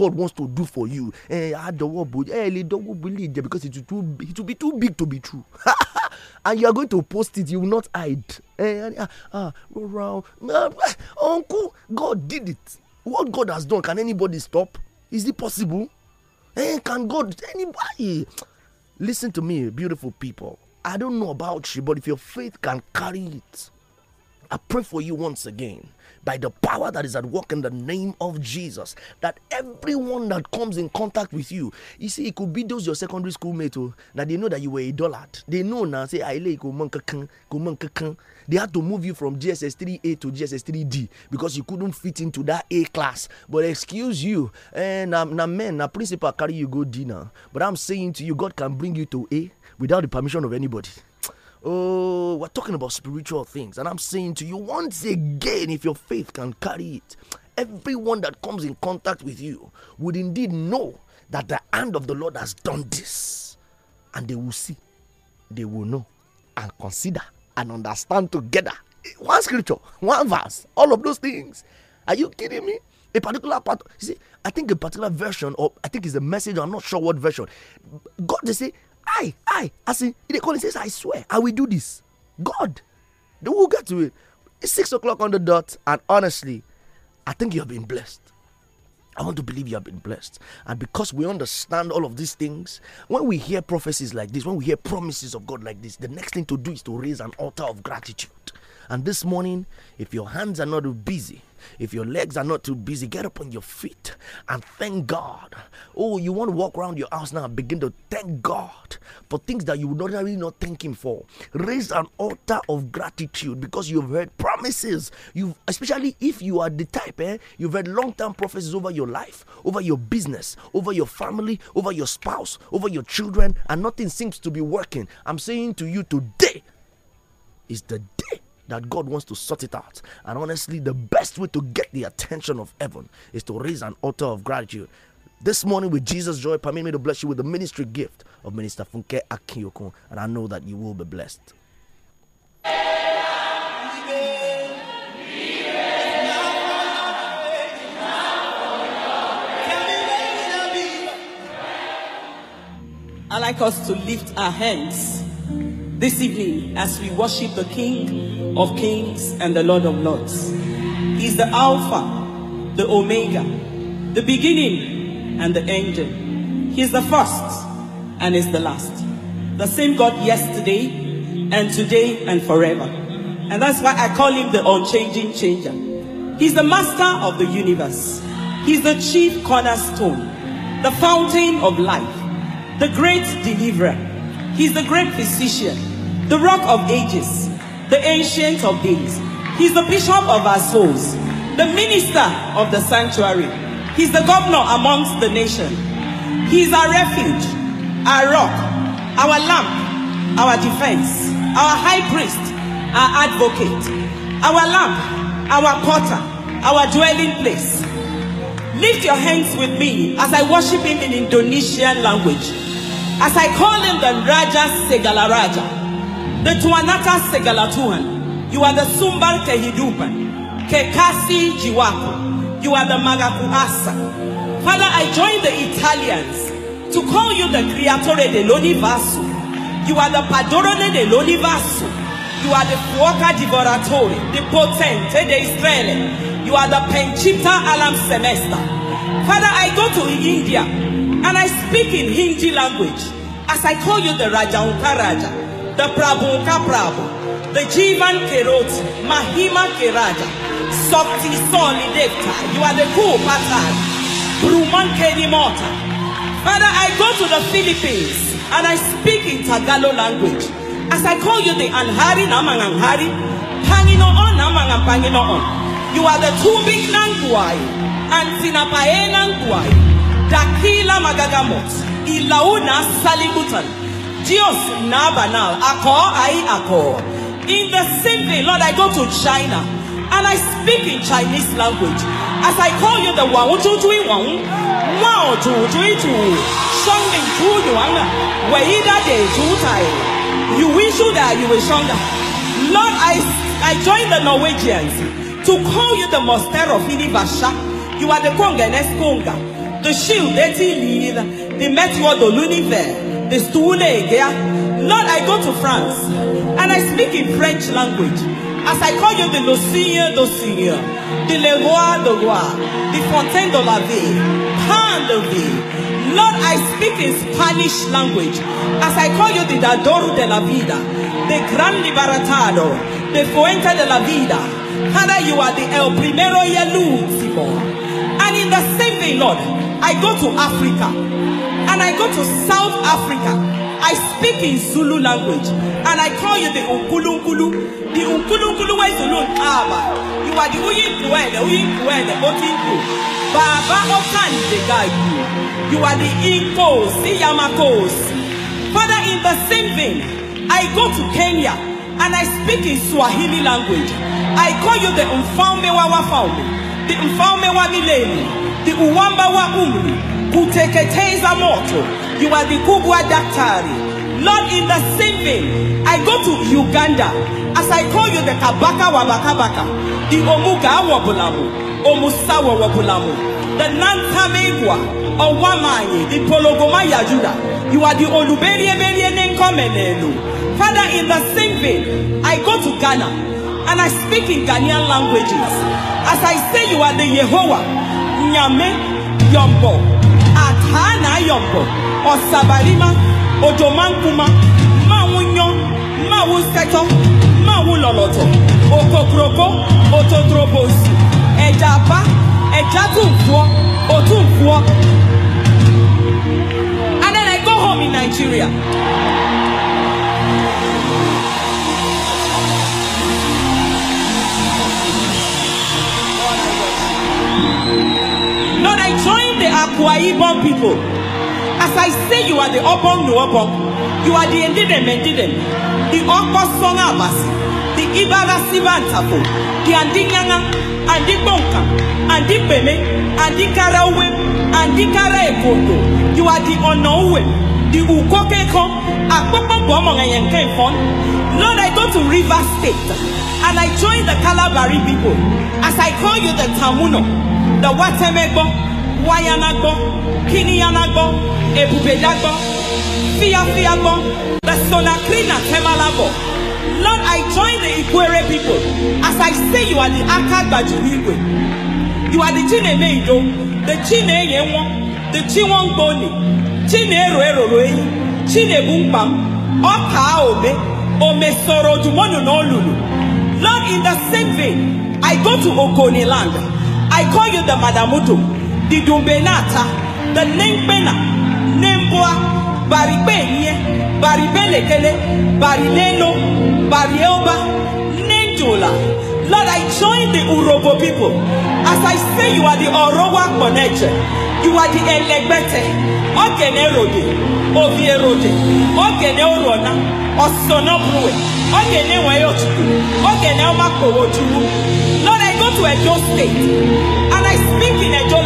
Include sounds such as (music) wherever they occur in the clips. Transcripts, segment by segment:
God wants to do for you ẹ àdọwọ́ bò ẹ lè dọwọ́ bò lè jẹ because it will, too, it will be too big to be true (laughs) and you are going to post it you will not hide ẹ ah, ah rọra ah, uncle God did it what God has done can anybody stop is it possible eh can God anybody listen to me beautiful people I don't know about you but if your faith can carry it I pray for you once again by the power that is at work in the name of Jesus. That everyone that comes in contact with you, you see, it could be those your secondary school mate oh, that they know that you were a dollard. They know now, say, Aile, they had to move you from GSS 3A to GSS 3D because you couldn't fit into that A class. But excuse you, and eh, now, men, now, principal carry you go dinner. But I'm saying to you, God can bring you to A without the permission of anybody. Oh, we're talking about spiritual things. And I'm saying to you once again, if your faith can carry it, everyone that comes in contact with you would indeed know that the hand of the Lord has done this. And they will see, they will know, and consider and understand together. One scripture, one verse, all of those things. Are you kidding me? A particular part, you see, I think a particular version, or I think it's a message, I'm not sure what version. God, they say, I, I, as in, he call and says, I swear, I will do this. God, then we'll get to it. It's six o'clock on the dot, and honestly, I think you have been blessed. I want to believe you have been blessed. And because we understand all of these things, when we hear prophecies like this, when we hear promises of God like this, the next thing to do is to raise an altar of gratitude and this morning, if your hands are not too busy, if your legs are not too busy, get up on your feet and thank God. Oh, you want to walk around your house now and begin to thank God for things that you would ordinarily not thank Him for. Raise an altar of gratitude because you've heard promises. You've especially if you are the type, eh, you've heard long-term prophecies over your life, over your business, over your family, over your spouse, over your children, and nothing seems to be working. I'm saying to you today is the day that God wants to sort it out. And honestly, the best way to get the attention of heaven is to raise an altar of gratitude. This morning with Jesus Joy, permit me to bless you with the ministry gift of Minister Funke Akinyokun, and I know that you will be blessed. I like us to lift our hands this evening as we worship the King of Kings and the Lord of Lords. He's the Alpha, the Omega, the beginning and the end. He's the first and is the last. The same God yesterday and today and forever. And that's why I call him the unchanging changer. He's the master of the universe. He's the chief cornerstone, the fountain of life, the great deliverer. He's the great physician. the rock of ages, the ancient of days. He's the bishop of our souls, the minister of the sanctuary. He's the governor amongst the nation. He's our refuge, our rock, our lamp, our defense, our high priest, our advocate, our lamp, our potter, our dwelling place. Lift your hands with me as I worship him in Indonesian language. As I call him the Raja Segalaraja. Raja. The Tuanata Segalatuan. You are the Sumbar Kehidupan. Kekasi Jiwako. You are the Magakuasa. Father, I join the Italians to call you the Creatore dell'Universo. You are the Padrone dell'Universo. You are the Fuoca Divoratore, the Potente de Israele. You are the Penchita Alam Semester. Father, I go to India and I speak in Hindi language as I call you the Raja Unkaraja. Raja. the Prabhu ka Prabhu, the Jivan ke Mahima keraja, Raja, Sokti Soli Devta, you are the cool pattern, Bruman ke Nimota. Father, I go to the Philippines and I speak in Tagalog language. As I call you the Anhari, Namang Anhari, Panginoon, Namang Panginoon. You are the tubig ng buhay, ang sinapae dakila magagamot, ilauna salibutan. Dios Nabanal. Ako, I Ako. In the same day, Lord, I go to China and I speak in Chinese language. As I call you the Wang Chu Chui Wang, Wao Chu Chui Chu, Shang Ling Chu Yuan, Wei Da De Chu Tai. You wish you that you will Shang. Lord, I, I join the Norwegians to call you the Master of Inivasha. You are the Konga Neskonga, the Shield, the Tilid, the Metro, the Luniver. Destule Egea. Eh, Lord, I go to France and I speak in French language. As I call you the Le Seigneur, Le Seigneur, the Le Roi, Le Roi, the Fontaine de la Vie, Pan de Vie. Lord, I speak in Spanish language. As I call you the Dador de la Vida, the Gran Libertador, the Fuente de la Vida. Father, you are the El Primero y el Último. And in the same way, Lord, I go to Africa. When I go to South Africa, I speak in Zulu language and I call you the Unkulunkulu. The Unkulunkulu wa Zulu Aba. Ah, you are the Uyinkuwe, the Uyinkuwe, the Otinku. Baba Okan the guy you. You are the Inkos, the Yamakos. Father, in the same vein, I go to Kenya and I speak in Swahili language. I call you the Umfaume wa the Umfaume Mileni, the Uwamba wa Umri, kuteketeza moto. You are the kubwa daktari. Lord, in the same vein, I go to Uganda. As I call you the Kabaka Baka, the Omuga Wabulamu, Omusawa Wabulamu, the Nantamegwa, Owamani, the Pologomaya You are the Oluberiye Nenkomenenu. Father, in the same vein, I go to Ghana and I speak in Ghanaian languages. As I say, you are the Yehovah, Nyame, Yombo. Ha na yombo osabarima ojomankuma mawunyo mawuseto mawuloloto okokroko ototrobosu ejapa ejatunfuo otunfuo and then I go home in Nigeria. No I join. Akwa Ibom people. As I say, you are the Obom Nuopok, you are the Endidem Endidem, the Okosona Abasi the Ibara Sibantapo, the Andingana, and the Bonka, and the Peme, and Karawe, and Karaekoto. You are the Onowe, the Ukokeko, Akpapa Bomongayanke Fon. Lord, I go to River State and I join the Kalabari people as I call you the Tamuno, the Watemebo, waya na gbọ́ kiniya na gbọ́ ebube ya gbọ́ fíyafíya gbọ́ the Lord I join the Ikwere people as I say you are the akagbaju igwe you are the Chineme Ido the Chineye Nwo the Chinwongboni Chinero eroro eyi Chinebu mkpa ọka obe ome soro odumonu na olulu Lord in the same vein I go to Ogoni land I call you the Madamudu didumbenata the nimpena nimbwa baribenye baribelekele barileno barioba ninjola lord i join the urobo people as i say you are the orowa connection you are the elegbete ogene rode ovie rode ogene orona osona bruwe ogene wayotuku ogene omakowojuwu lord i go to edo state and i speak in edo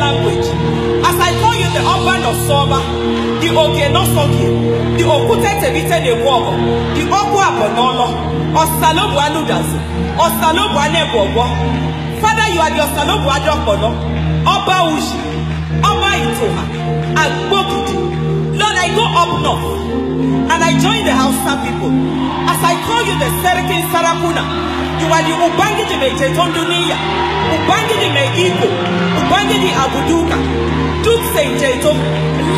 you the husband of Soma, the Okenosonki, the Okutetevite Newogo, the Abonolo, Okuaponolo, Anudazi, Aludazi, Osalobu Anegwogo. Father, you are the Osalobu Adopono, Oba Ushi, Oba Itoha, and Bokiti. Lord, I go up north. And I joined the Hausa people. As I call you the Serikin Sarakuna, you are the Ubangiji Mejetonduniya, Ubangiji Meiko, Ubangiji Abuduka, Dutse Jeto,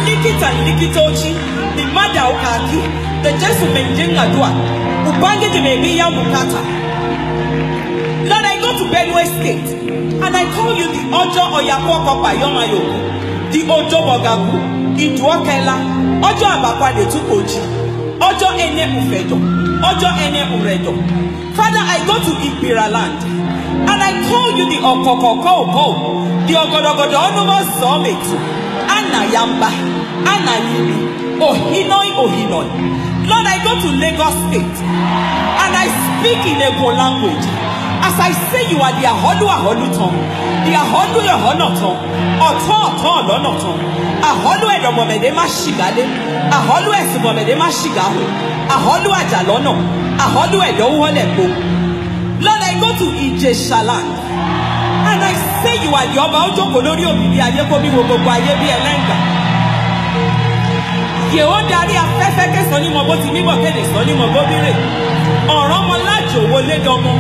Likita Likitochi, the Mada Okaki, the Jesu Menjenga Dua, Ubangiji Mebiya Mukata. Lord, I go to Benue State and I call you the Ojo Oyakwa Kopa Yomayoku, the Ojo Bogabu, Iduokela, ọjọ́ àbàpadà ojii ọjọ́ enye ufedo ọjọ́ enye uredo Father I go to Ibira land and I call you the ọkọkọkọkọ the ọgọdọgọdọ ọnụmọ summit ana ya mba ana yiri ohinoi ohinoi Lord I go to Lagos state and I speak in Igbo language. As I say, you are the ahọ́dún ahọ́dún tán. The ahọ́dún ìhọ́nà tán. Ọ̀tán ọ̀tán ọ̀lọ́nà tán. Ahọ́dún ẹ̀dọ̀ mọ̀mẹ̀dé má ṣìgádé. Ahọ́dún ẹ̀sìn mọ̀mẹ̀dé má ṣìgáhù. Ahọ́dún àjàlọ́nà. Ahọ́dún ẹ̀dọ̀ wọlẹ̀ po. Lord, I go to Ìjẹ̀ṣà land. And I say you are the ọba ojókòó lórí òbíbi ayé kó bí wo gbogbo ayé bí ẹlẹ́ngà. Yèwó darí afẹ́fẹ́ kẹsàn-án ní mọ̀ bó ti mímọ̀ kéde sàn ní mọ̀ bó bírè. Ọ̀rọ̀ ọmọ lájò wọlé dọmọ.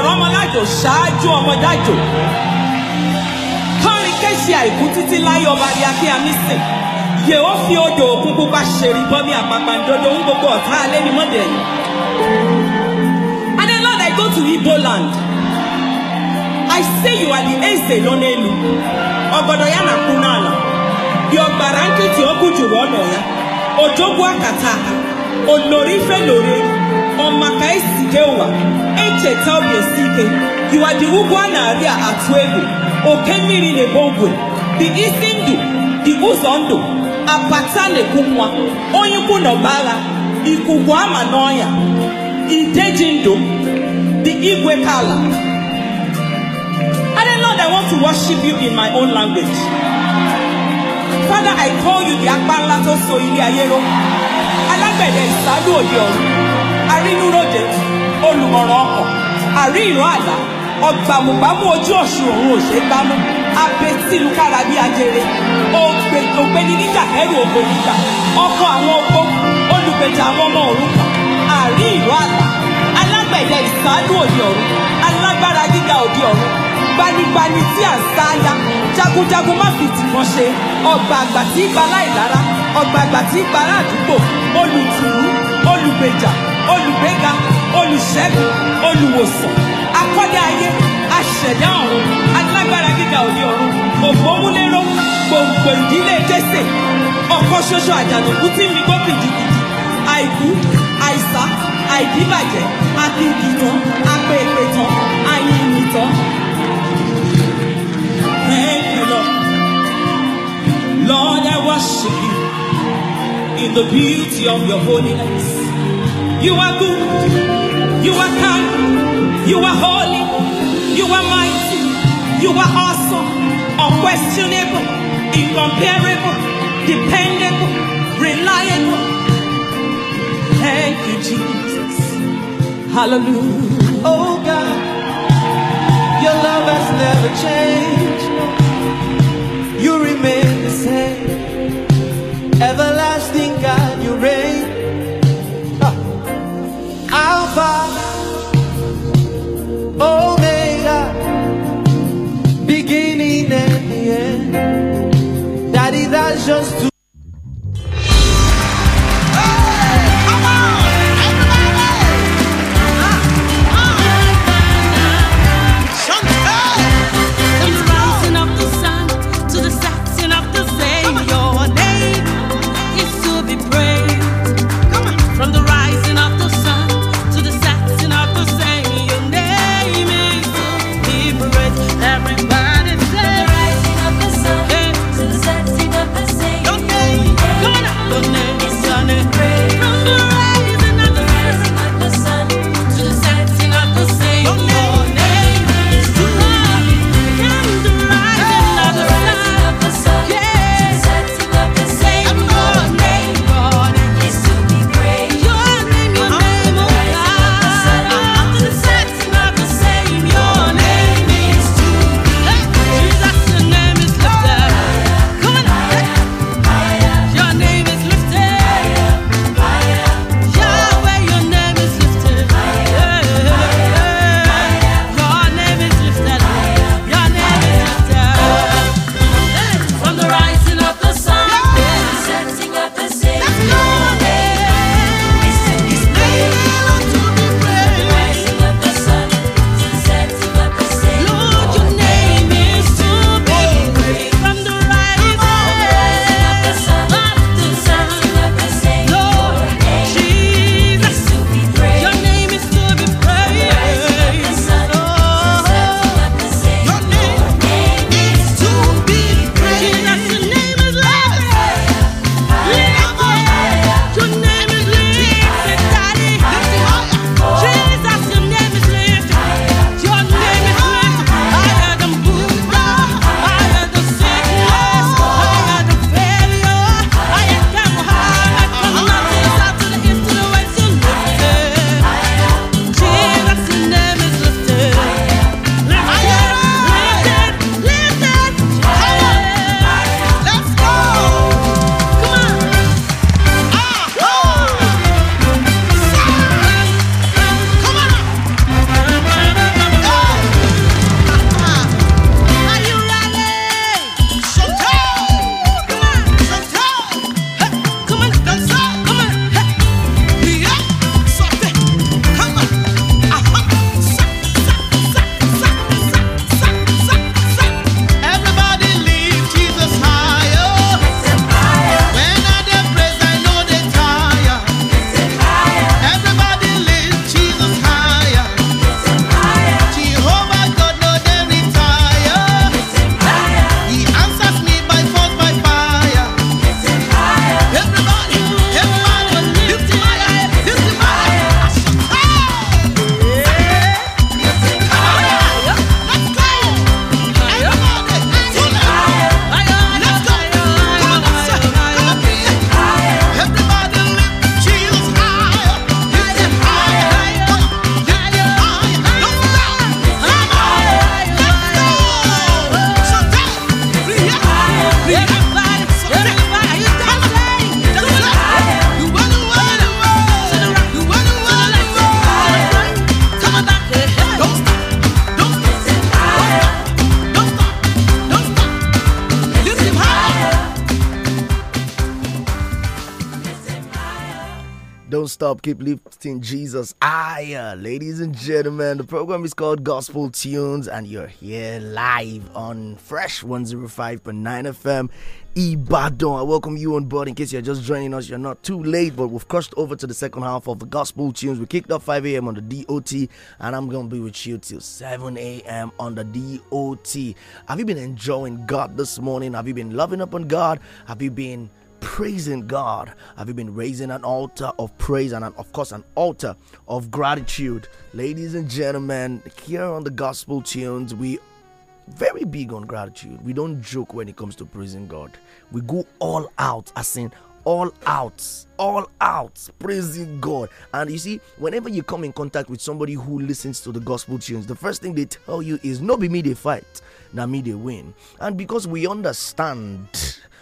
ọ̀rọ̀ ọmọlájò ṣáájú ọmọdájò kọrin kéṣe àìkú títí láyé ọba ní akíyamísìn yèó fi odò òkun pupa ṣèrí bọmi àpàpàǹdodo ń gbogbo ọ̀tá alẹ́ ní mọ́dẹ̀ yìí. And then Lord, I go to Igbo land. I say you are the Eze nọ n'elu. Ọgọdọ ya na-akwụ n'ala. Dị ọgbara nkịtị okwu juru ọnọ ya. Ojogwu akata aka. Olori ife lori. ọmaka esike ụwa echeta obi esi ike yiwaji ugwu a na-arị a atụ egwu oke mmiri na-ebo ngwe dị isi ndụ dị ụzọ ndụ apata na-ekwu nwa onye ikwu na ọba agha ikuku ama n'ọnya ideji ndụ dị igwe ka ala I don't know that I want to worship you in my own language. Father, I call you the Akpan Lato Soili Ayero. Alágbẹ̀dẹ ìsádùn òde ọ̀run arínúròde olùmọ̀ràn ọkàn àrí ìran àlá ọgbàmùgbàmù ojú ọ̀ṣun òun òṣè gbámú abẹ́tìlúkára bí ajere ògbéni níjà ẹrù ògbò níjà ọkọ àwọn opó olùgbèjà àwọn ọmọ òrukàn àrí ìran àlá alágbẹ̀dẹ ìsáádùn òde ọ̀run alágbára gíga òde ọ̀run gbanigbani tí à ń sááyá jagunjagun má fi tìmọ̀ ṣe ọgbà àgbà tí ń gba láìlára ọgbà àgbà tí ń gba aládùúgbò olùtùrú olùgbèjà olùgbéga olùṣẹ́gun olùwòsàn akọ́dá ayé aṣẹ̀dá ọ̀run alágbára gíga òde ọ̀run ògbómúléró gbòǹgbò ìdílé jésè ọ̀kan ṣoṣo àjànàkú tí mi gbó pìdìpìdì àìkú àìsá àìdíbàjẹ́ akíndìtàn apẹ̀ẹ̀pẹ̀tàn àyìnìtàn. Thank you, Lord. Lord, I worship you in the beauty of your holiness. You are good. You are kind. You are holy. You are mighty. You are awesome. Unquestionable. Incomparable. Dependable. Reliable. Thank you, Jesus. Hallelujah. Oh God. Your love has never changed. You remain. just to program is called Gospel Tunes, and you're here live on Fresh 105.9 FM. Ibadan. I welcome you on board in case you're just joining us. You're not too late, but we've crossed over to the second half of the gospel tunes. We kicked off 5 a.m. on the DOT, and I'm going to be with you till 7 a.m. on the DOT. Have you been enjoying God this morning? Have you been loving up on God? Have you been praising God? Have you been raising an altar of praise and, an, of course, an altar of gratitude? Ladies and gentlemen, here on the Gospel Tunes, we very big on gratitude. We don't joke when it comes to praising God. We go all out, as in all out, all out, praising God. And you see, whenever you come in contact with somebody who listens to the gospel tunes, the first thing they tell you is, No, be me they fight, now me they win. And because we understand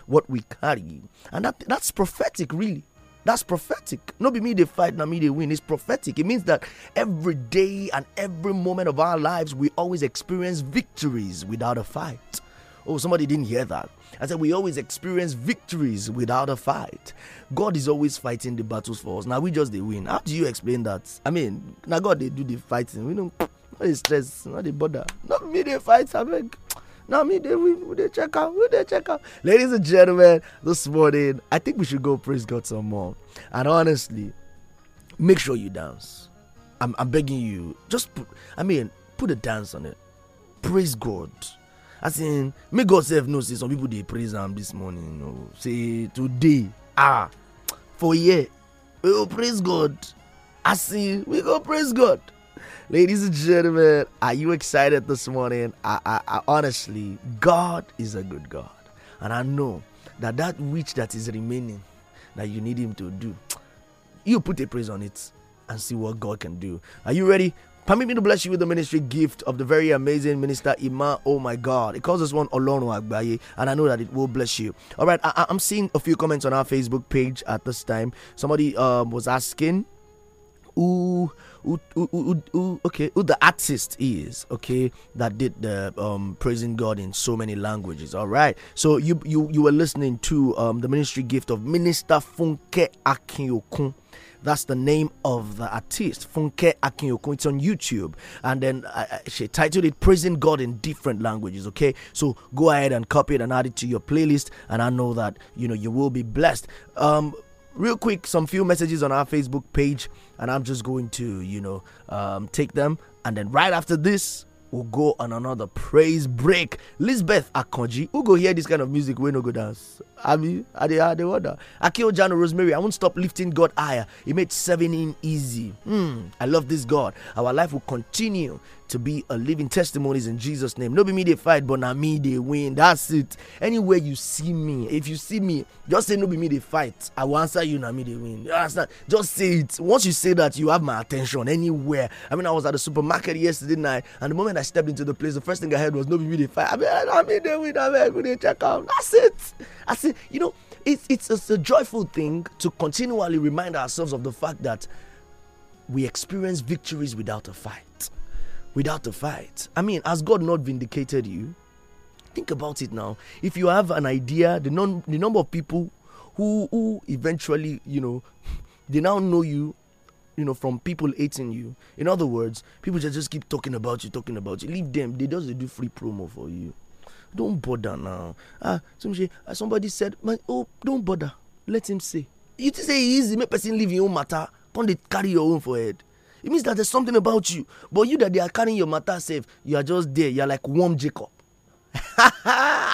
what we carry. And that that's prophetic, really. That's prophetic. Not be me they fight, not me they win. It's prophetic. It means that every day and every moment of our lives, we always experience victories without a fight. Oh, somebody didn't hear that. I said we always experience victories without a fight. God is always fighting the battles for us. Now we just they win. How do you explain that? I mean, now God they do the fighting. We don't not stress, not the bother. Not me they fight, I beg. Now me, they we, we they check out, we they check out. Ladies and gentlemen, this morning, I think we should go praise God some more. And honestly, make sure you dance. I'm, I'm begging you, just put, I mean, put a dance on it. Praise God. As in, may God self know, see some people they praise Him this morning, you know. Say today, ah, for year. we will praise God. I see, we go praise God. Ladies and gentlemen, are you excited this morning? I, I, I, honestly, God is a good God. And I know that that which that is remaining that you need Him to do, you put a praise on it and see what God can do. Are you ready? Permit me to bless you with the ministry gift of the very amazing minister Ima. Oh my God, it calls this one Olono Agbaye, and I know that it will bless you. All right, I, am seeing a few comments on our Facebook page at this time. Somebody um, was asking who who, who, who, who, okay who the artist is okay that did the um, praising god in so many languages all right so you you you were listening to um, the ministry gift of minister funke akinyokun that's the name of the artist, Funke Akinyokun. It's on YouTube. And then uh, uh she titled it Praising God in Different Languages, okay? So go ahead and copy it and add it to your playlist. And I know that, you know, you will be blessed. Um, real quick some few messages on our facebook page and i'm just going to you know um, take them and then right after this we'll go on another praise break lisbeth akonji who go hear this kind of music we no go dance abi I ade wonder akio jano rosemary i won't stop lifting god higher he made seven in easy Hmm, i love this god our life will continue to be a living testimonies in Jesus' name. No be me they fight, but now me they win. That's it. Anywhere you see me, if you see me, just say no be me they fight. I will answer you, now me they win. Just say it. Once you say that, you have my attention anywhere. I mean, I was at the supermarket yesterday night, and the moment I stepped into the place, the first thing I heard was no be me they fight. I mean, I mean they win, I mean, I check out. That's it. I said, you know, it's, it's, it's a joyful thing to continually remind ourselves of the fact that we experience victories without a fight without a fight. I mean, has God not vindicated you? Think about it now. If you have an idea, the, non, the number of people who, who eventually, you know, (laughs) they now know you you know from people hating you in other words people just, just keep talking about you talking about you leave them they just do free promo for you don't bother now ah, ah somebody said oh don't bother let him say you say easy make person leave your own matter come dey carry your own for it. It means that there's something about you. But you that they are carrying your matter safe, you are just there. You are like warm Jacob. (laughs)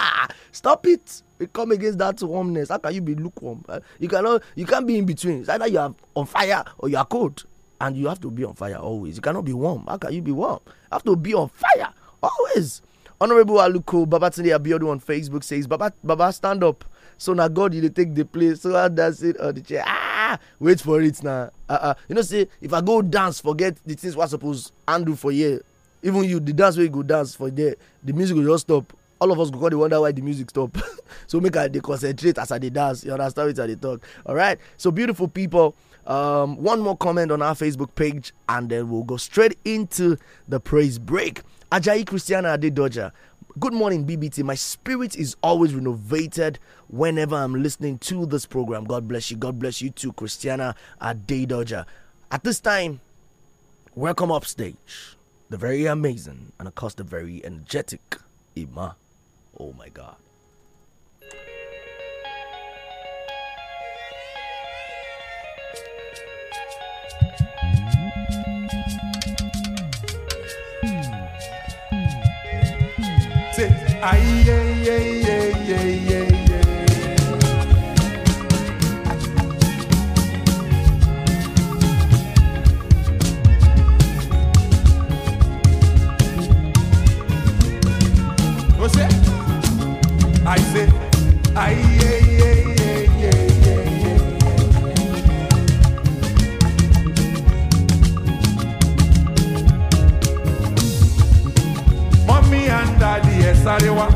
Stop it. We come against that warmness. How can you be lukewarm? Uh, you cannot you can't be in between. It's either you are on fire or you are cold. And you have to be on fire always. You cannot be warm. How can you be warm? You have to be on fire always. Honorable Aluko Babatunde Abiodun on Facebook says, Baba, Baba, stand up. So now God, you take the place. So that's it on oh, the chair. Ah! ah wait for it now uh, uh, you know say if i go dance forget the things wey i suppose handle for here even you the dance wey you go dance for there the music go just stop all of us go come dey wonder why the music stop (laughs) so make i dey concentrate as i dey dance you understand wetin i dey talk alright so beautiful people um, one more comment on our facebook page and then we'll go straight into the praise break ajayi christiana adedoja Good morning, BBT. My spirit is always renovated whenever I'm listening to this program. God bless you. God bless you too, Christiana Day Dodger. At this time, welcome upstage the very amazing and, of course, the very energetic Ima. Oh my God. I sarewa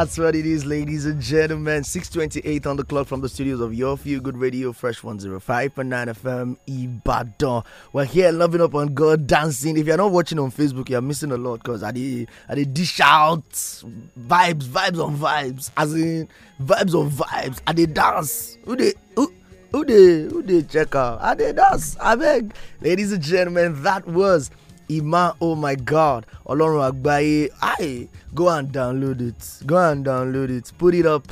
That's what it is, ladies and gentlemen. 628 on the clock from the studios of Your Feel Good Radio, Fresh 105.9 FM, Ibadan. We're here loving up on God dancing. If you're not watching on Facebook, you're missing a lot because I did, I dish out vibes, vibes on vibes, as in vibes on vibes. I did dance. Who they, who, who they, who they check out? I did dance. I beg. Ladies and gentlemen, that was Ima, oh my God, Olorun Agbaye, I go and download it. Go and download it. Put it up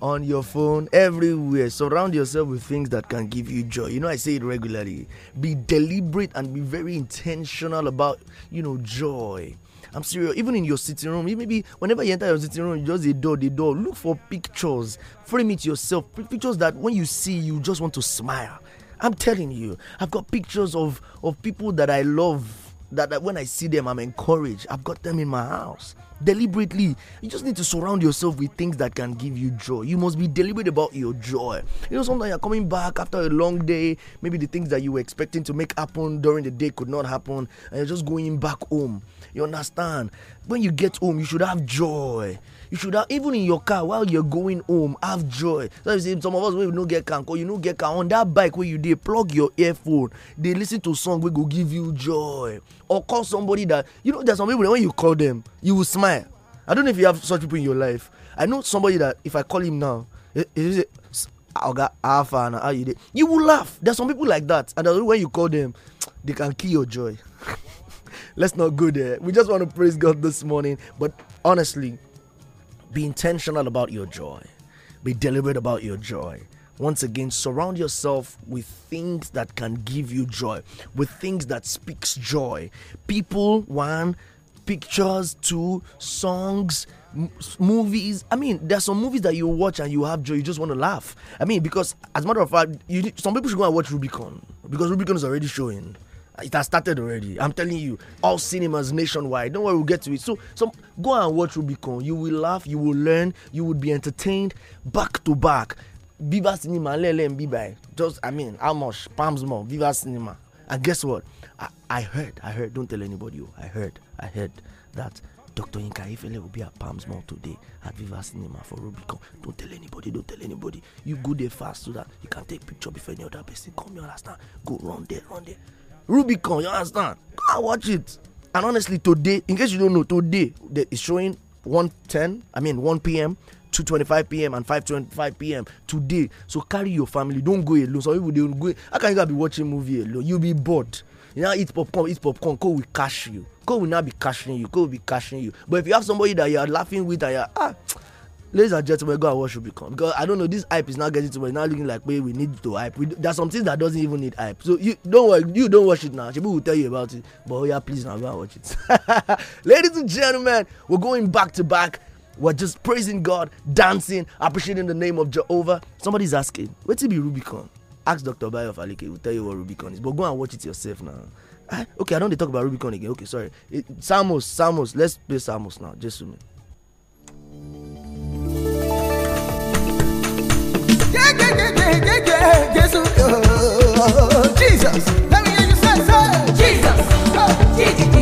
on your phone everywhere. Surround yourself with things that can give you joy. You know, I say it regularly. Be deliberate and be very intentional about, you know, joy. I'm serious. Even in your sitting room, maybe whenever you enter your sitting room, just the door, the door. Look for pictures. Frame it yourself. Pictures that when you see, you just want to smile. I'm telling you, I've got pictures of of people that I love that, that when I see them, I'm encouraged. I've got them in my house deliberately. You just need to surround yourself with things that can give you joy. You must be deliberate about your joy. You know, sometimes you're coming back after a long day, maybe the things that you were expecting to make happen during the day could not happen, and you're just going back home. You understand? When you get home, you should have joy. you should have even in your car while you're going home have joy so you see some of us wey no get car you no get car on that bike wey you dey plug your earphone dey lis ten to song wey go give you joy or call somebody that you know there's some people that when you call them you will smile i don't know if you have such people in your life i know somebody that if i call him now he he say oga how far na how you dey you will laugh there's some people like that and when you call them they can kill your joy (laughs) let's not go there we just want to praise god this morning but honestly Be intentional about your joy. Be deliberate about your joy. Once again, surround yourself with things that can give you joy, with things that speaks joy. People, one, pictures, two, songs, m- movies. I mean, there's some movies that you watch and you have joy. You just want to laugh. I mean, because as a matter of fact, you, some people should go and watch Rubicon because Rubicon is already showing. It has started already. I'm telling you, all cinemas nationwide. Don't worry, we'll get to it. So, so go and watch Rubicon. You will laugh, you will learn, you will be entertained back to back. Viva Cinema, Lele and Bibai. Just, I mean, how much? Palms more. Viva Cinema. And guess what? I, I heard, I heard, don't tell anybody. Oh, I heard, I heard that Dr. Inka Ifele will be at Palms Mall today at Viva Cinema for Rubicon. Don't tell anybody, don't tell anybody. You go there fast so that you can take picture before any other person come. You understand? Go run there, run there rubicon you understand go and watch it and honestly today in case you don't know today it's showing 110 i mean 1 p.m 2:25 p.m. and 5:25 p.m. today. So carry your family. Don't go alone. Some people they go. How can you be watching movie alone? You'll be bored. You now eat popcorn, eat popcorn. Co will cash you. Co will now be cashing you. Co will be cashing you. But if you have somebody that you are laughing with, and you are ah ladies and gentlemen go and watch rubicon because i don't know this hype is now getting to me. now looking like wey we need to hype we, there are some things that doesn't even need hype so you don't worry you don't watch it now shebi will tell you about it but oh yeah, please now go and watch it (laughs) ladies and gentlemen we're going back to back we're just praising god dancing appreciating the name of jehovah somebody's asking wetin be rubicon ask dr bayo falike he will tell you what rubicon is but go and watch it yourself now ah okay i don't want to talk about rubicon again okay sorry it, samos samos let's play samos now just a minute. Oh, Jesus. Let me hear you say, say. Jesus. Oh, Jesus.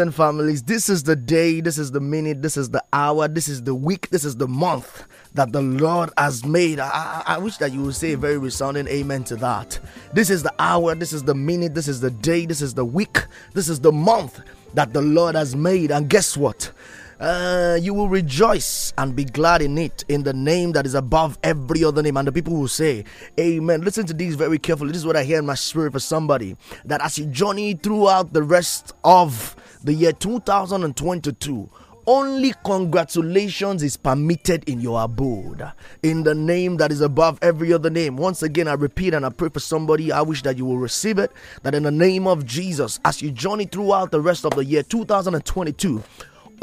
and families, this is the day, this is the minute, this is the hour, this is the week, this is the month that the Lord has made. I, I, wish that you would say a very resounding amen to that. This is the hour, this is the minute, this is the day, this is the week, this is the month that the Lord has made. And guess what? Uh, you will rejoice and be glad in it in the name that is above every other name. And the people will say, Amen. Listen to these very carefully. This is what I hear in my spirit for somebody that as you journey throughout the rest of the year 2022 only congratulations is permitted in your abode in the name that is above every other name. Once again, I repeat and I pray for somebody. I wish that you will receive it. That in the name of Jesus, as you journey throughout the rest of the year 2022,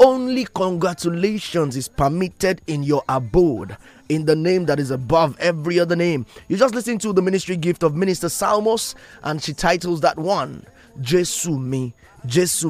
only congratulations is permitted in your abode in the name that is above every other name. You just listen to the ministry gift of Minister Salmos, and she titles that one, Jesu Me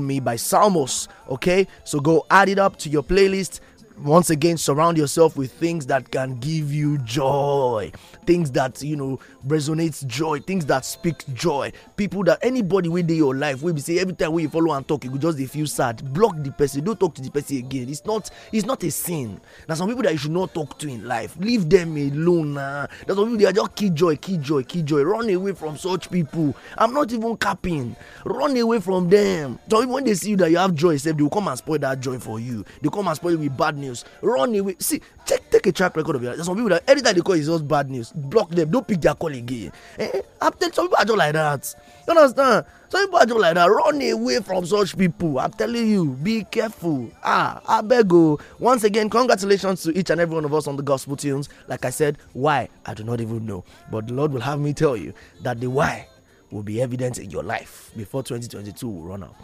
me by Salmos. Okay, so go add it up to your playlist once again surround yourself with things that can give you joy things that you know resonates joy things that speak joy people that anybody within your life will be say every time we you follow and talk you go just feel sad block the person don't talk to the person again it's not it's not a sin Now some people that you should not talk to in life leave them alone Nah, na some people they are just kill joy kill joy kill joy run away from such people i'm not even capping run away from them some people when they see you that you have joy sef they will come and spoil that joy for you they come and spoil with bad news news. Run away. See, take take a track record of your life. There's some people that anytime they call is just bad news. Block them. Don't pick their call again. Eh? I'm telling some people are just like that. You understand? Some people are just like that. Run away from such people. I'm telling you, be careful. Ah, I beg you. Once again, congratulations to each and every one of us on the gospel tunes. Like I said, why? I do not even know. But the Lord will have me tell you that the why will be evident in your life before 2022 will run out.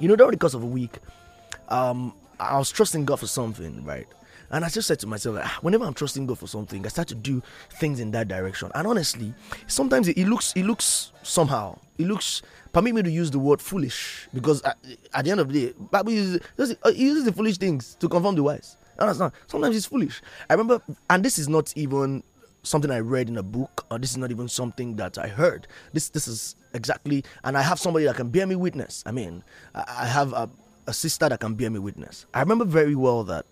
You know, during the course of a week, um, I was trusting God for something, right? And I just said to myself, like, ah, whenever I'm trusting God for something, I start to do things in that direction. And honestly, sometimes it, it looks, it looks somehow, it looks. Permit me to use the word foolish because at the end of the day, Bible uses, uh, uses the foolish things to confirm the wise. Understand? Sometimes it's foolish. I remember, and this is not even something I read in a book, or this is not even something that I heard. This this is exactly, and I have somebody that can bear me witness. I mean, I, I have a a sister that can bear me witness. I remember very well that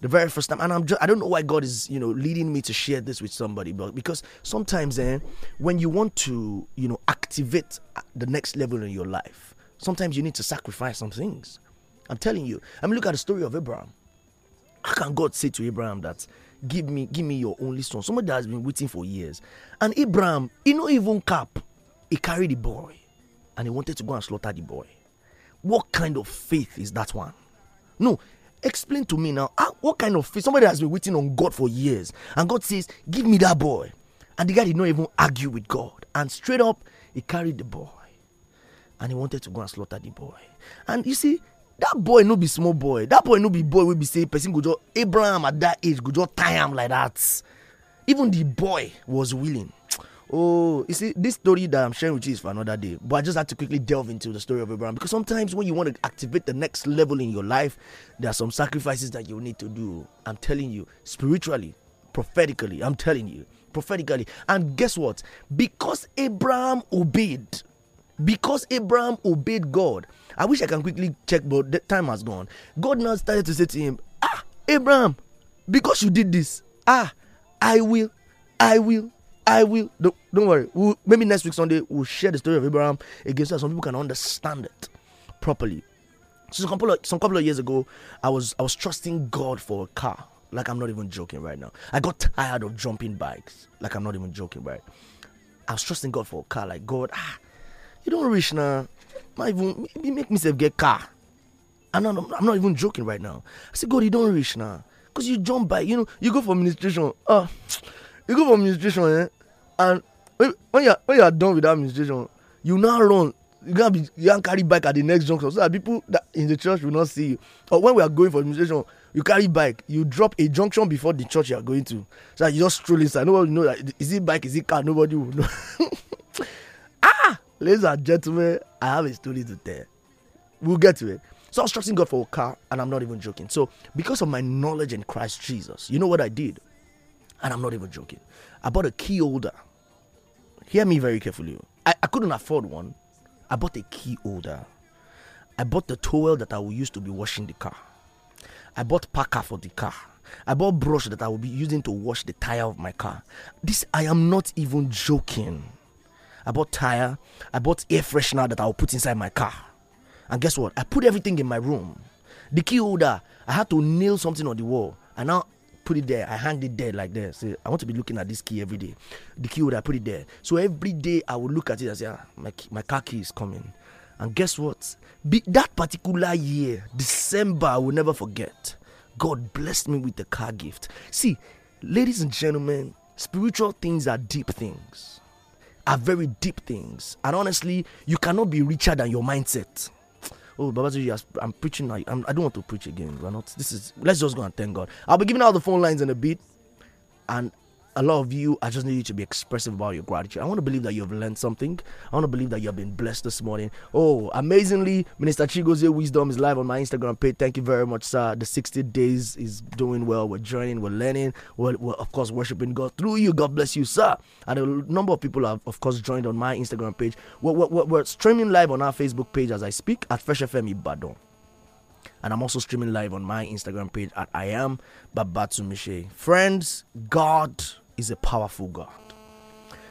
the very first time, and I'm just, I don't know why God is, you know, leading me to share this with somebody, but because sometimes, eh, when you want to, you know, activate uh, the next level in your life, sometimes you need to sacrifice some things. I'm telling you. I mean, look at the story of Abraham. How can God say to Abraham that, give me, give me your only son, somebody that has been waiting for years, and Abraham, he not even cap, he carried the boy, and he wanted to go and slaughter the boy. What kind of faith is that one? No, explain to me now. How, what kind of faith? Somebody has been waiting on God for years, and God says, Give me that boy. And the guy did not even argue with God. And straight up, he carried the boy. And he wanted to go and slaughter the boy. And you see, that boy no be small boy. That boy no be boy will be say person go just Abraham at that age go just tie him like that. Even the boy was willing. Oh, you see, this story that I'm sharing with you is for another day. But I just had to quickly delve into the story of Abraham because sometimes when you want to activate the next level in your life, there are some sacrifices that you need to do. I'm telling you, spiritually, prophetically, I'm telling you, prophetically. And guess what? Because Abraham obeyed, because Abraham obeyed God, I wish I can quickly check, but the time has gone. God now started to say to him, Ah, Abraham, because you did this, ah, I will, I will, I will. Don't, don't worry. We'll, maybe next week Sunday we'll share the story of Abraham again so some people can understand it properly. So some couple of, some couple of years ago, I was I was trusting God for a car. Like I'm not even joking right now. I got tired of jumping bikes. Like I'm not even joking right. I was trusting God for a car. Like God, ah, you don't reach now. Not even make myself get car. I'm not, I'm not even joking right now. I said, God, you don't reach now. Because you jump by, you know, you go for administration. Uh, you go for administration eh and when you when you are done with that administration you now run you gonna be you gonna carry bike at the next junction so that people that in the church will not see you or when we are going for administration you carry bike you drop a junction before the church you are going to so you just stroll inside nobody know that is it bike is it car nobody will know (laughs) ah ladies and gentlemen i have a story to tell we'll get to it so i was trusting god for a car and i'm not even joking so because of my knowledge in christ jesus you know what i did And I'm not even joking. I bought a key holder. Hear me very carefully. I, I couldn't afford one. I bought a key holder. I bought the towel that I will use to be washing the car. I bought packer for the car. I bought brush that I will be using to wash the tire of my car. This I am not even joking. I bought tire. I bought air freshener that I will put inside my car. And guess what? I put everything in my room. The key holder, I had to nail something on the wall. And now put it there. I hang it there like this. Say, I want to be looking at this key every day. The key would I put it there. So every day I would look at it and say, ah, my, key, my car key is coming. And guess what? Be, that particular year, December, I will never forget. God blessed me with the car gift. See, ladies and gentlemen, spiritual things are deep things, are very deep things. And honestly, you cannot be richer than your mindset oh Babaji, I'm preaching. I, I'm, I do not want to preach again. We're not. This is. Let's just go and thank God. I'll be giving out the phone lines in a bit, and a lot of you, I just need you to be expressive about your gratitude. I want to believe that you've learned something. I want to believe that you have been blessed this morning. Oh, amazingly, Minister Chigozie Wisdom is live on my Instagram page. Thank you very much, sir. The 60 days is doing well. We're joining, we're learning, we're, we're of course worshiping God through you. God bless you, sir. And a number of people have, of course, joined on my Instagram page. We're, we're, we're streaming live on our Facebook page as I speak at Fresh FM Ibadan and I'm also streaming live on my Instagram page at I am Babatsumiche. Friends, God is a powerful God.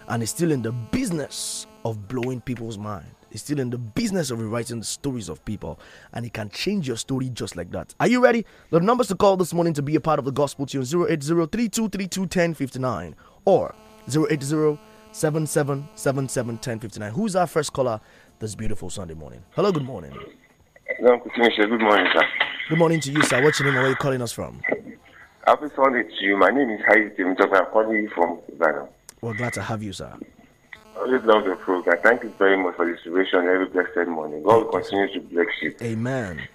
And He's still in the business of blowing people's mind. He's still in the business of rewriting the stories of people. And He can change your story just like that. Are you ready? The numbers to call this morning to be a part of the gospel tune 080 or 080 Who's our first caller this beautiful Sunday morning? Hello, good morning. Good morning, sir. Good morning to you, sir. What's your name where are you calling us from? I've to you. My name is Hayes I'm calling you from Ghana. Well, glad to have you, sir. I just love the program. Thank you very much for the situation every blessed morning. God continue to bless you. Amen.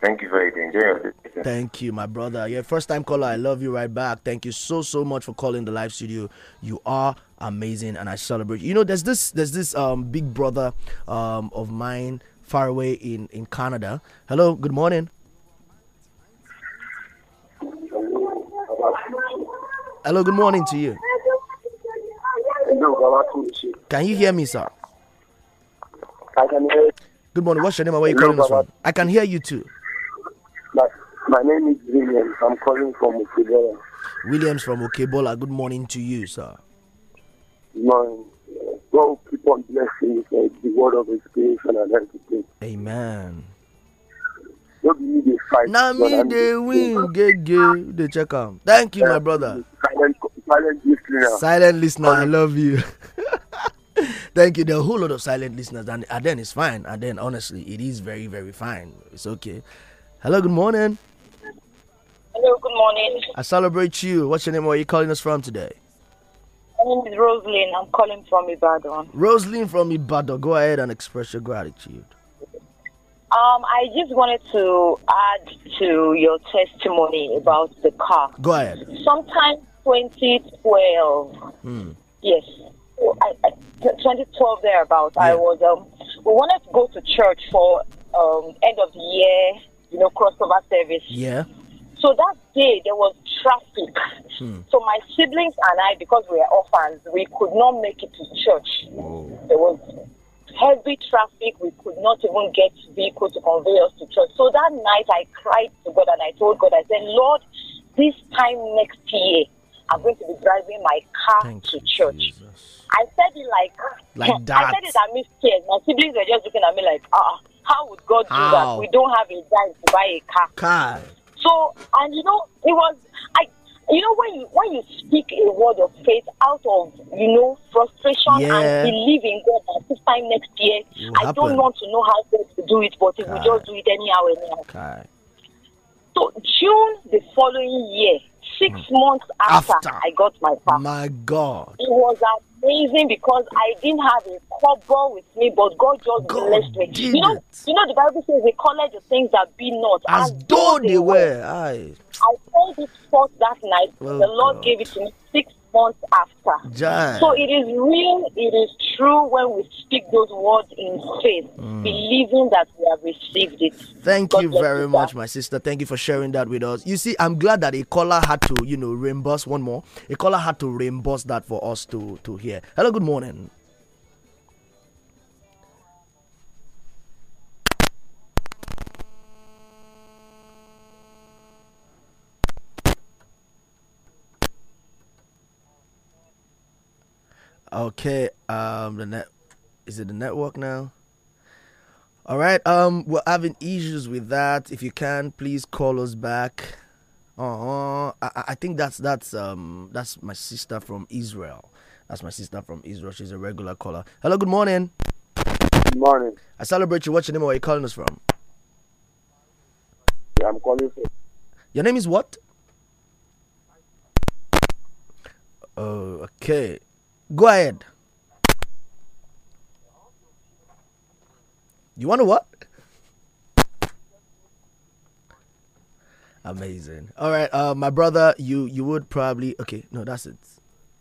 Thank you very much. Thank you, my brother. Your first time caller. I love you right back. Thank you so so much for calling the live studio. You are amazing, and I celebrate. You know, there's this there's this um big brother um of mine far away in in Canada. Hello, good morning. Hello, good morning to you. Can you hear me, sir? I can hear you. Good morning. What's your name? Where are you calling us from? I can hear you too. My, my name is William. I'm calling from Okebola. Williams from Okebola. Good morning to you, sir. Good morning. God keep on blessing you the word of inspiration and everything. Amen no be me dey fight. na me dey win gege dey check am thank you my brother. silent silent lis ten er. silent lis ten er i love you. (laughs) thank you. There are a whole lot of silent listeners, and, and then it's fine. And then honestly, it is very, very fine. It's okay. Hello, good morning. Hello, good morning. I celebrate you. What's your name? Where are you calling us from today? My name is Rosalind. I'm calling from Ibadan. Rosalind from Ibadan. Go ahead and express your gratitude. Um, I just wanted to add to your testimony about the car. Go ahead. Sometime 2012. Mm. Yes. I, I, 2012 thereabouts. Yeah. I was um, we wanted to go to church for um, end of the year, you know, crossover service. Yeah. So that day there was traffic. Hmm. So my siblings and I, because we are orphans, we could not make it to church heavy traffic. We could not even get vehicle to convey us to church. So that night I cried to God and I told God, I said, Lord, this time next year, I'm going to be driving my car Thank to church. Jesus. I said it like, like that. (laughs) I said it amidst tears. My siblings were just looking at me like, ah, how would God how? do that? We don't have a dime to buy a car. Car. So, and you know, it was, I you know when you when you speak a word of faith out of you know frustration yeah. and believe in God that this time next year I don't want to know how God to do it, but if will just do it anyhow anyhow. Okay. So June the following year, six mm. months after, after, I got my farm. My God. It was amazing because I didn't have a cobble with me, but God just God blessed me. You know, you know the Bible says we collect the things that be not. As, as though, they, they were. were. I told this thought that night. the Lord God. gave it to me six months after. Jai. So it is real, it is true when we speak those words in faith, mm. believing that we have received it. Thank God you very you much, my sister. Thank you for sharing that with us. You see, I'm glad that a caller had to, you know, reimburse one more. A caller had to reimburse that for us to to hear. Hello, good morning. Okay. Um, the net is it the network now? All right. Um, we're having issues with that. If you can, please call us back. Uh-huh. I, I think that's that's um that's my sister from Israel. That's my sister from Israel. She's a regular caller. Hello. Good morning. Good morning. I celebrate you. What's your name? Where are you calling us from? Yeah, I'm calling you. Your name is what? Oh, okay. Go ahead. You want to what? Amazing. All right, uh, my brother, you you would probably okay. No, that's it.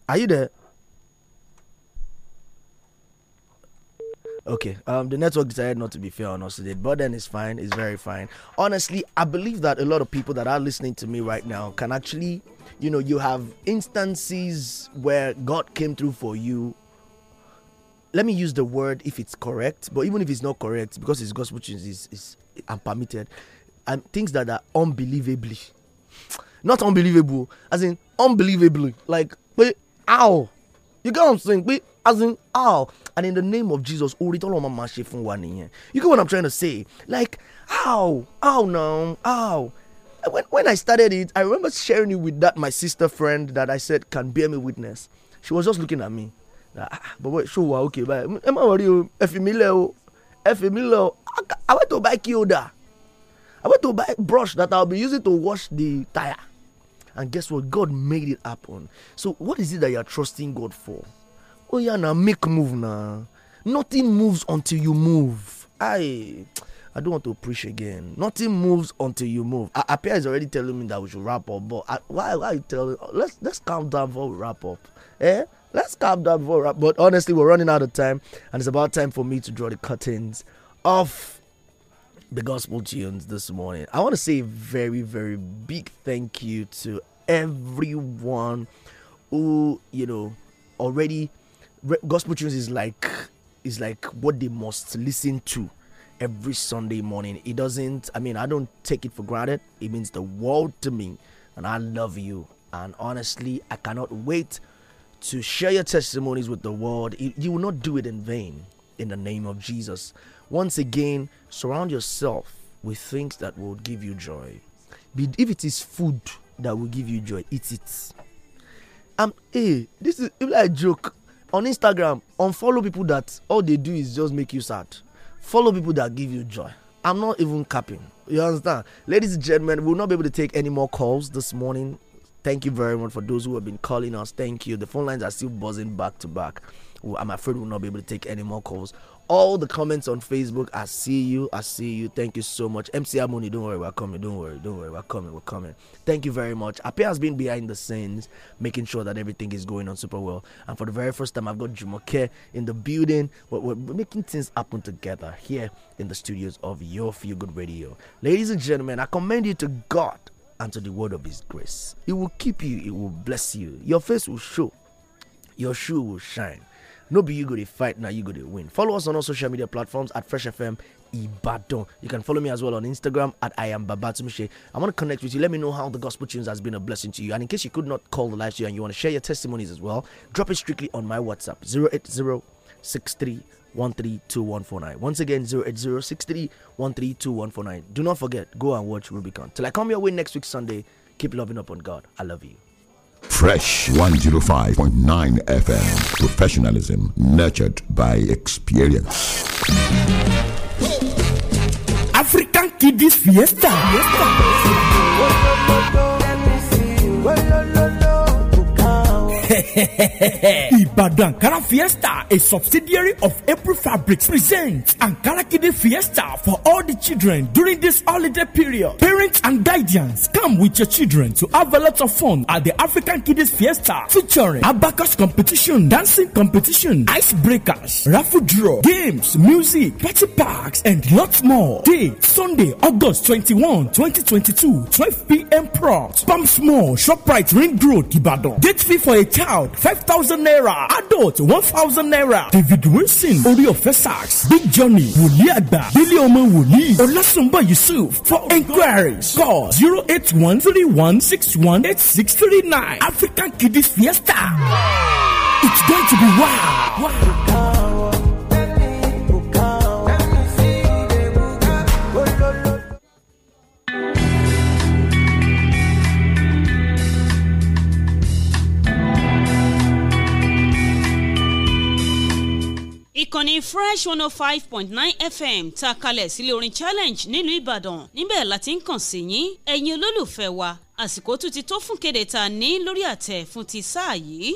Are you there? Okay. Um, the network decided not to be fair on us today, but then it's fine. It's very fine. Honestly, I believe that a lot of people that are listening to me right now can actually, you know, you have instances where God came through for you. Let me use the word if it's correct, but even if it's not correct, because it's gospel tunes is is unpermitted, and things that are unbelievably, not unbelievable, as in unbelievably, like, but ow, you get what i'm saying as in how and in the name of jesus you get what i'm trying to say like how how now how when, when i started it i remember sharing it with that my sister friend that i said can bear me witness she was just looking at me ah wait, sure, wa okay báyìí am I worried? o ẹ fi I went to buy key i went to buy brush that i will be using to wash the tire and guess what? God made it happen. So, what is it that you're trusting God for? Oh, yeah, now make move now. Nothing moves until you move. I. I don't want to preach again. Nothing moves until you move. Apia is already telling me that we should wrap up, but I, why, why are you telling? Let's let's calm down before we wrap up. Eh? Let's calm down before we wrap. But honestly, we're running out of time, and it's about time for me to draw the curtains off the gospel tunes this morning. I want to say a very, very big thank you to everyone who, you know, already gospel tunes is like is like what they must listen to every Sunday morning. It doesn't I mean I don't take it for granted. It means the world to me and I love you. And honestly, I cannot wait to share your testimonies with the world. You will not do it in vain in the name of Jesus. Once again, surround yourself with things that will give you joy. if it is food that will give you joy, eat it. Um, hey, this is like a joke. On Instagram, unfollow people that all they do is just make you sad. Follow people that give you joy. I'm not even capping. You understand? Ladies and gentlemen, we'll not be able to take any more calls this morning. Thank you very much for those who have been calling us. Thank you. The phone lines are still buzzing back to back. I'm afraid we'll not be able to take any more calls all the comments on Facebook. I see you. I see you. Thank you so much. MC Amuni, don't worry, we're coming. Don't worry, don't worry, we're coming. We're coming. Thank you very much. Appear has been behind the scenes, making sure that everything is going on super well. And for the very first time, I've got Jumoke in the building. We're, we're making things happen together here in the studios of Your Feel Good Radio. Ladies and gentlemen, I commend you to God and to the word of His grace. It will keep you, it will bless you. Your face will show, your shoe will shine no be you go to fight, now you go to win. Follow us on all social media platforms at Fresh FM Ibadan. You can follow me as well on Instagram at I am Babatumishe. I want to connect with you. Let me know how the gospel tunes has been a blessing to you. And in case you could not call the live show and you want to share your testimonies as well, drop it strictly on my WhatsApp 080 Once again, 08063132149. Do not forget, go and watch Rubicon. Till I come your way next week Sunday, keep loving up on God. I love you. Fresh 105.9 FM. Professionalism nurtured by experience. African Kiddies Fiesta. Fiesta. Ibadan Ankara Fiesta, a subsidiary of April Fabrics, presents Ankara Kiddie Fiesta for all the children during this holiday period. Parents and guardians, come with your children to have a lot of fun at the African Kiddies Fiesta featuring abacus competition, dancing competition, ice breakers, raffle draw, games, music, party packs, and lots more. Day Sunday, August 21, 2022, 12 p.m. prompt. Pump Small, Shoprite Ring Road, Ibadan. Date fee for a child, 5,000 naira adult one thousand naira david wilson orí ọ̀fẹ́ sax big johnny wòlíì àgbà délé ọmọ wòlíì ọlásùnbọ̀ yusuf for inquiries call zero eight one three one six one eight six three nine african kiddies fiesta it's going to be wow. wow. ìkànnì fresh one oh five point nine fm tá a kalẹ̀ sílé orin challenge nílùú ìbàdàn níbẹ̀ láti ń kàn sí yín ẹ̀yin olólùfẹ́ wa àsìkò tún ti tó fún kéde tá ní lórí àtẹ̀ fún ti sáà yìí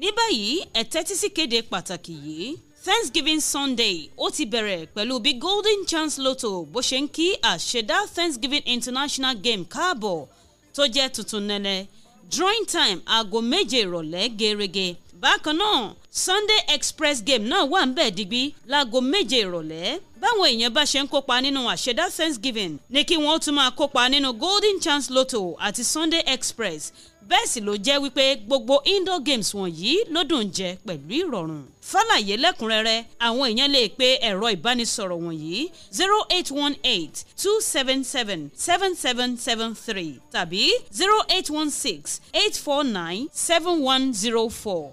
ní báyìí ẹ sí kéde pàtàkì yìí thanksgiving sunday ó ti bẹ̀rẹ̀ pẹ̀lú bí golden chance lotto bó ṣe ń kí àṣẹdá thanksgiving international game káàbọ̀ tó jẹ́ tuntun nẹ́nẹ́ drawing time aago méje ìrọ̀lẹ́ gẹ́rẹ́gẹ́ bákan náà Sunday Express game náà wà ń bẹ̀ digbí láago méje ìrọ̀lẹ́ báwọn èèyàn bá ṣe ń kópa nínú àṣẹdá Thanksgiving ni kí wọ́n tún máa kópa nínú Golden Chance Lotto àti Sunday Express bẹ́ẹ̀ sì ló jẹ́ wípé gbogbo indoor games wọ̀nyí ló dùn jẹ pẹ̀lú ìrọ̀rùn. fàlàyé lẹ́kùnrẹ́rẹ́ àwọn èèyàn lè pe ẹ̀rọ ìbánisọ̀rọ̀ wọ̀nyí zero eight one eight two seven seven seven seven seven three tàbí zero eight one six eight four nine seven one zero four.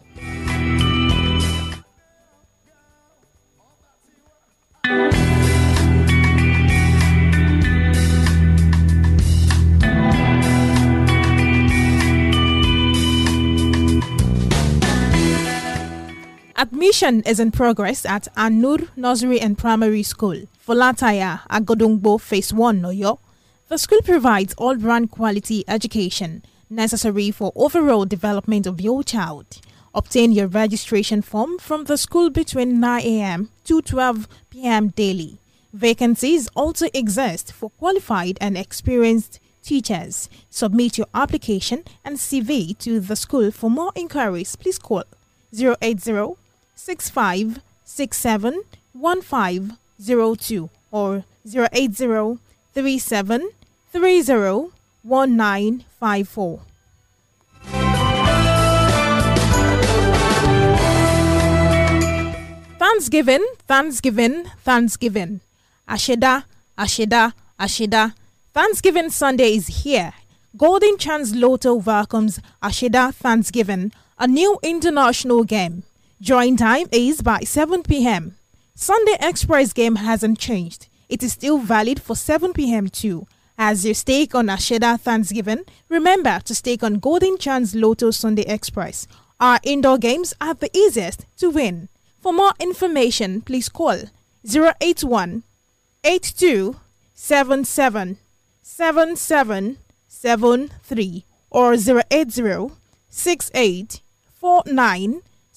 Admission is in progress at Anur Nursery and Primary School, Folataya, Agodungbo, Phase 1, Noyo. The school provides all round quality education necessary for overall development of your child. Obtain your registration form from the school between 9 a.m. to 12 p.m. daily. Vacancies also exist for qualified and experienced teachers. Submit your application and CV to the school. For more inquiries, please call 080 Six five six seven one five zero two or zero eight zero three seven three zero one nine five four. Thanksgiving, Thanksgiving, Thanksgiving. Asheda, Asheda, Asheda. Thanksgiving Sunday is here. Golden Chance Lotto welcomes Asheda Thanksgiving, a new international game. Join time is by 7 p.m. Sunday Express game hasn't changed. It is still valid for 7 p.m. too. As you stake on Asheda Thanksgiving, remember to stake on Golden Chance Lotto Sunday Express. Our indoor games are the easiest to win. For more information, please call 081 82 or 080 68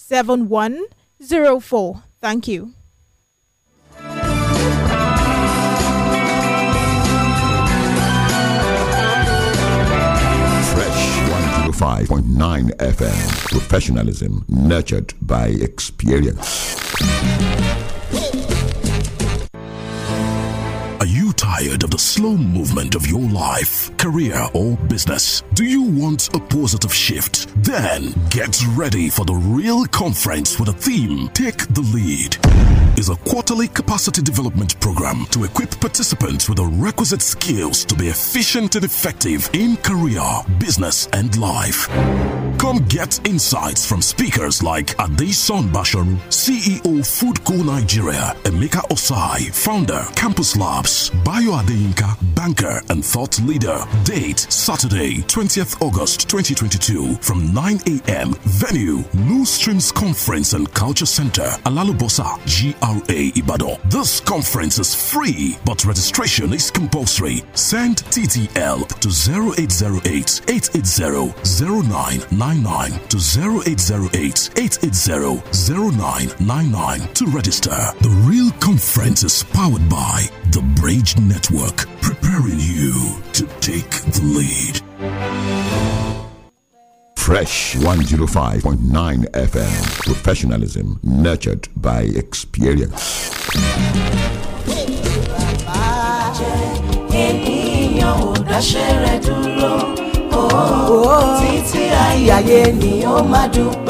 7104. Thank you. Fresh 105.9 FM. Professionalism nurtured by experience. tired of the slow movement of your life, career, or business? Do you want a positive shift? Then get ready for the real conference with a theme Take the Lead is a quarterly capacity development program to equip participants with the requisite skills to be efficient and effective in career, business, and life. Come get insights from speakers like Adeson Basharu, CEO Foodco Nigeria, Emeka Osai, founder Campus Labs, Bayo Adeyinka, banker and thought leader. Date Saturday, 20th August 2022 from 9 a.m. Venue New Streams Conference and Culture Center, Alalubosa, G.I. Ibadan. This conference is free, but registration is compulsory. Send TTL to 0808 880 0999 to 0808 880 0999 to register. The real conference is powered by the Bridge Network, preparing you to take the lead. Fresh 105.9 FM. Professionalism nurtured by experience. oh oh oh